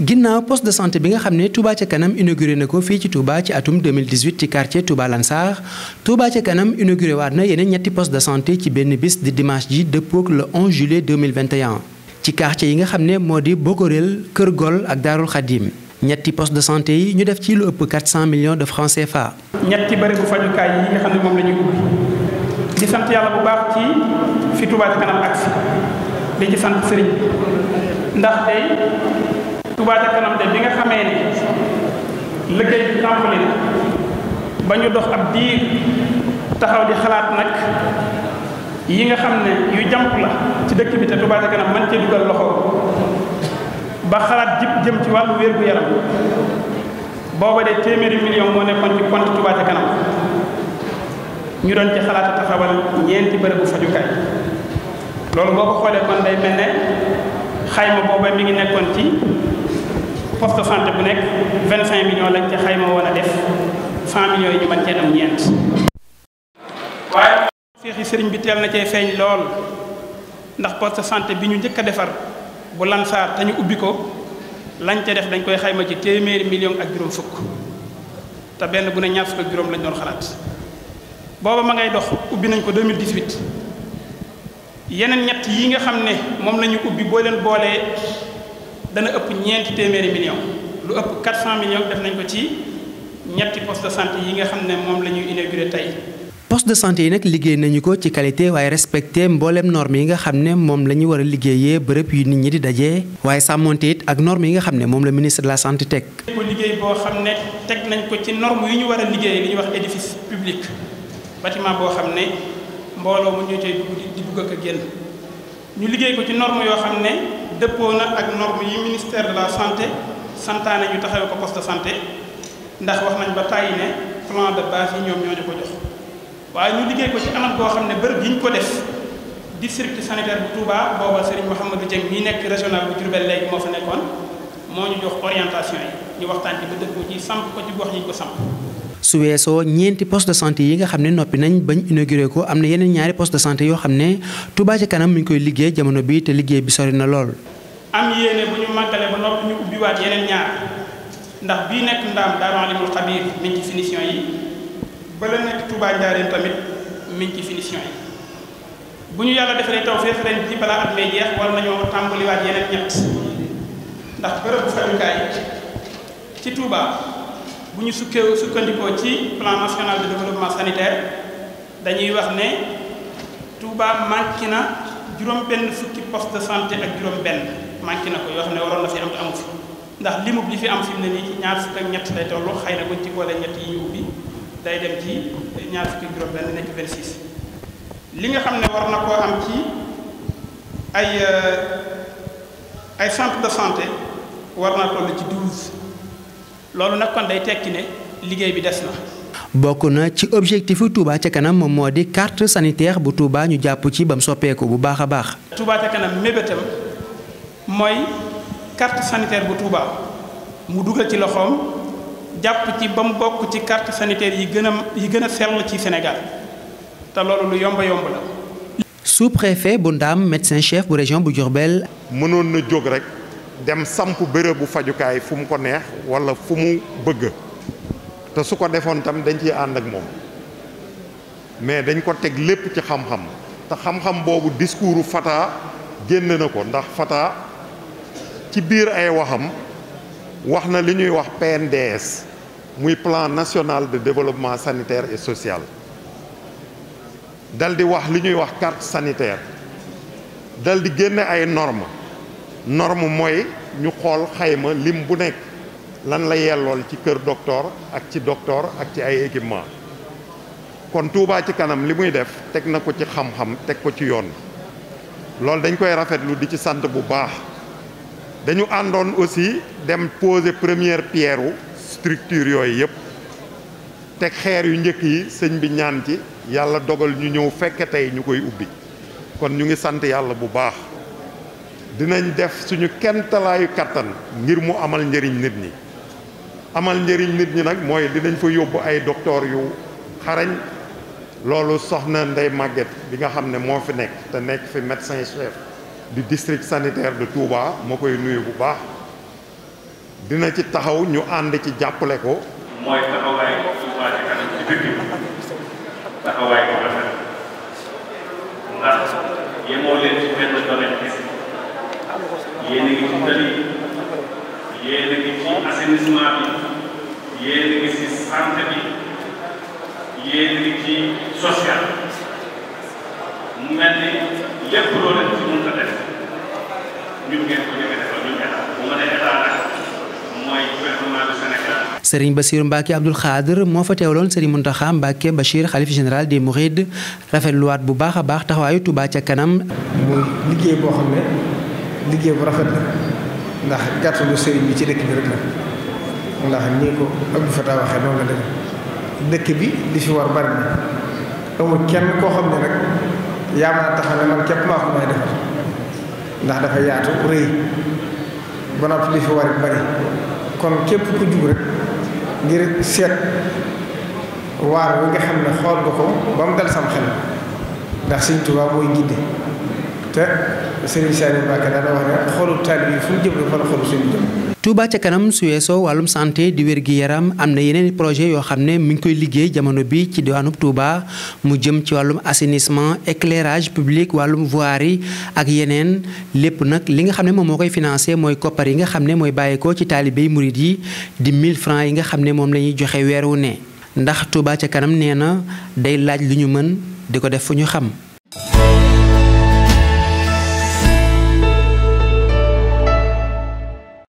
ginnaaw poste de santé bi nga xam ne Touba ca kanam inauguré na ko fii ci Touba ci atum 2018 ci quartier Touba Lansar Touba ca kanam inauguré waat na yeneen ñetti poste de santé ci benn bis di dimanche ji dëppook le 11 juillet 2021 ci yi nga xam ne moo di Bogoréel Kër Gol ak Daarul Xadim ñetti poste de santé yi ñu def ci lu ëpp 400 millions de francs CFA. ñetti bërëbu fajukaay yi nga xam ne moom la ubbi di sant yàlla bu baax ci fi Touba ca kanam ak Touba ca kanam de bi nga xamee ni liggéey bi tàmbali na ba ñu dox ab diir taxaw di xalaat nag yi nga xam ne yu jàmp la ci dëkk bi te Touba ca kanam man cee dugal loxo ba xalaat jib jëm ci wàllu wér-gu-yaram booba de téeméeri million moo nekkoon ci compte Touba kanam ñu doon ci xalaat taxawal ñeenti bërëbu fajukaay loolu boo ko xoolee kon day mel ne xayma booba mi ngi nekkoon ci poste de santé bu nekk vingt cinq millions lañ ca xayma woon a def cent millions yi ñu man cee am ñeent. waaye feexi sëriñ bi teel na cee feeñ lool ndax poste de santé bi ñu njëkk a defar bu Lansar te ñu ubbi ko lañ ca def dañ koy xayma ci téeméeri million ak juróom fukk te benn bu ne ñaar fukk ak juróom lañ doon xalaat booba ma ngay dox ubbi nañ ko 2018 yeneen ñett yi nga xam ne moom la ubbi boo leen boolee. dana ëpp ñeenti téeméeri millions lu ëpp def nañ ko ci ñetti poste de santé yi nga xam ne moom la ñuy tey. poste de santé yi nag liggéey nañu ko ci qualité waaye respecté mbooleem norme yi nga xam ne moom la ñu war a liggéeyee bërëb yu nit ñi di dajee waaye sàmmonte it ak normes yi nga xam ne moom la ministre de la santé teg. nañ ko ci norme yu ñu war a liggéey li ñuy wax édifice public bâtiment boo xam ne mbooloo mu ñu cay di dugg ak a génn dëppoo na ak norme yi ministère de la santé santaane ñu taxawee ko poste de santé ndax wax nañ ba tàyyi ne plan de base yi ñoom ñoo ñu ko jox waaye ñu liggéey ko ci anam koo xam ne bërëb yi ñu ko def district sanitaire bu Touba booba Serigne Mouhamadou Dieng mii nekk régional bu Diourbel léegi moo fa nekkoon moo ñu jox orientation yi ñu waxtaan ci ba dëppoo ci samp ko ci gox yi ñu ko samp su weesoo ñeenti poste de santé yi nga xam ne noppi nañ bañ inauguré am na yeneen ñaari poste de santé yoo xam ne Touba ci kanam mi ngi koy liggéey jamono bi te liggéey bi sori na lool am yéene bu ñu màggale ba noppi ñu ubbiwaat yeneen ñaar ndax bii nekk ndaam daaru alimul xabir mi ci finition yi bala nekk Touba Njaaréem tamit mi ci finition yi bu ñu yàlla defaree taw ren ji balaa at may jeex war nañoo tàmbaliwaat yeneen ñett ndax bërëbu fajukaay ci Touba bu ñu sukkee sukkandikoo ci plan national de développement sanitaire dañuy wax ne Touba manqué na juróom benn fukki poste de santé ak juróom benn manqué na ko yoo xam ne waroon na fi am te ndax limub li fi am fi ne nii ci ñaar fukk ñett lay toll xëy na buñ ci boole ñett yi ñu li nga xam ne war na koo am ci ay euh, centre de santé war naa toll ci 12 loolu nag kon day tekki ne liggéey bi des na. bokk na ci objectifu Touba ca kanam moom moo di kart sanitaire bu Touba ñu jàpp ci ba mu soppeeku bu baax a baax. Touba ca kanam mébétam. mooy carte sanitaire bu Touba mu dugal ci loxoom jàpp ci ba mu bokk ci carte sanitaire yi gën a yi gën a sell ci senegal te loolu lu yomba yomb la. sous-préfet bu Ndam médecin chef bu région bu Diourbel. mënoon na jóg rek dem samp bërëb bu fajukaay fu mu ko neex wala fu mu bëgg te su ko defoon tamit dañ ciy ànd ak moom mais dañ ko teg lépp ci xam-xam te xam-xam boobu discours Fata génn na ko ndax Fata. ci biir ay waxam wax na li ñuy wax PNDS muy plan national de développement sanitaire et sociale daldi wax li ñuy wax carte sanitaire daldi génne ay normes norme mooy ñu xool xayma lim bu nekk lan la yellool ci kër docteur ak ci docteur ak ci ay équipement kon Touba ci kanam li muy def teg na ko ci xam-xam teg ko ci yoon loolu dañ koy rafetlu di ci sant bu baax dañu àndoon aussi dem poser première pierre wu structure yooyu yëpp teg xeer yu njëkk yi sëñ bi ñaan ci yàlla dogal ñu ñëw fekk tey ñu koy ubbi kon ñu ngi sant yàlla bu baax dinañ def suñu kentalaayu kattan ngir mu amal njëriñ nit ñi amal njëriñ nit ñi nag mooy dinañ fa yóbbu ay docteur yu xarañ loolu soxna Ndey Màgget bi nga xam ne moo fi nekk te nekk fi médecin chef di district sanitaire de Touba moo koy nuyu bu baax dina ci taxaw ñu ànd ci jàppale ko. mooy taxawaay Touba ci kanam ci dëkk bi leen ci benn domaine bi ngi ci tali yéen a ngi ci assainissement bi yéen a ngi ci social mu mel ni lépp loo leen sëriñ ngeen ko njëkk a moo fa teewloon Serigne Mountakha Mbacke Bachir xalif général des Mourides rafetluwaat bu baax a baax taxawaayu Touba ca kanam. muy liggéey boo xam ne liggéey bu rafet la ndax gàttalu Serigne bi ci dëkk bi rek la ndax nii ko Abdou Fatah waxee noonu la dem dëkk bi li fi war bari na kenn koo xam ne rek yaa ma taxaw ne man képp maa ko may defal. ndax dafa yaatu rëy ba noppi li fi war bari kon képp ku jug rek ngir seet waar wi nga xam ne xool nga ko ba mu dal sam xel ndax Sëñ Tuubaa mooy gidde te Serigne Saliou ca kanam su wàllum santé di wér gi yaram am na yeneen projet yoo xam ne mi ngi koy liggéey jamono bi ci diwaanub Touba mu jëm ci wàllum assainissement éclairage public wàllum voirie ak yeneen lépp nag li nga xam ne moom moo koy financé mooy koppar yi nga xam ne mooy bàyyeekoo ci taalibey murid yi di mille francs yi nga xam ne moom la ñuy joxe weer wu ne ndax Touba ca kanam nee na day laaj lu ñu mën di ko def fu ñu xam.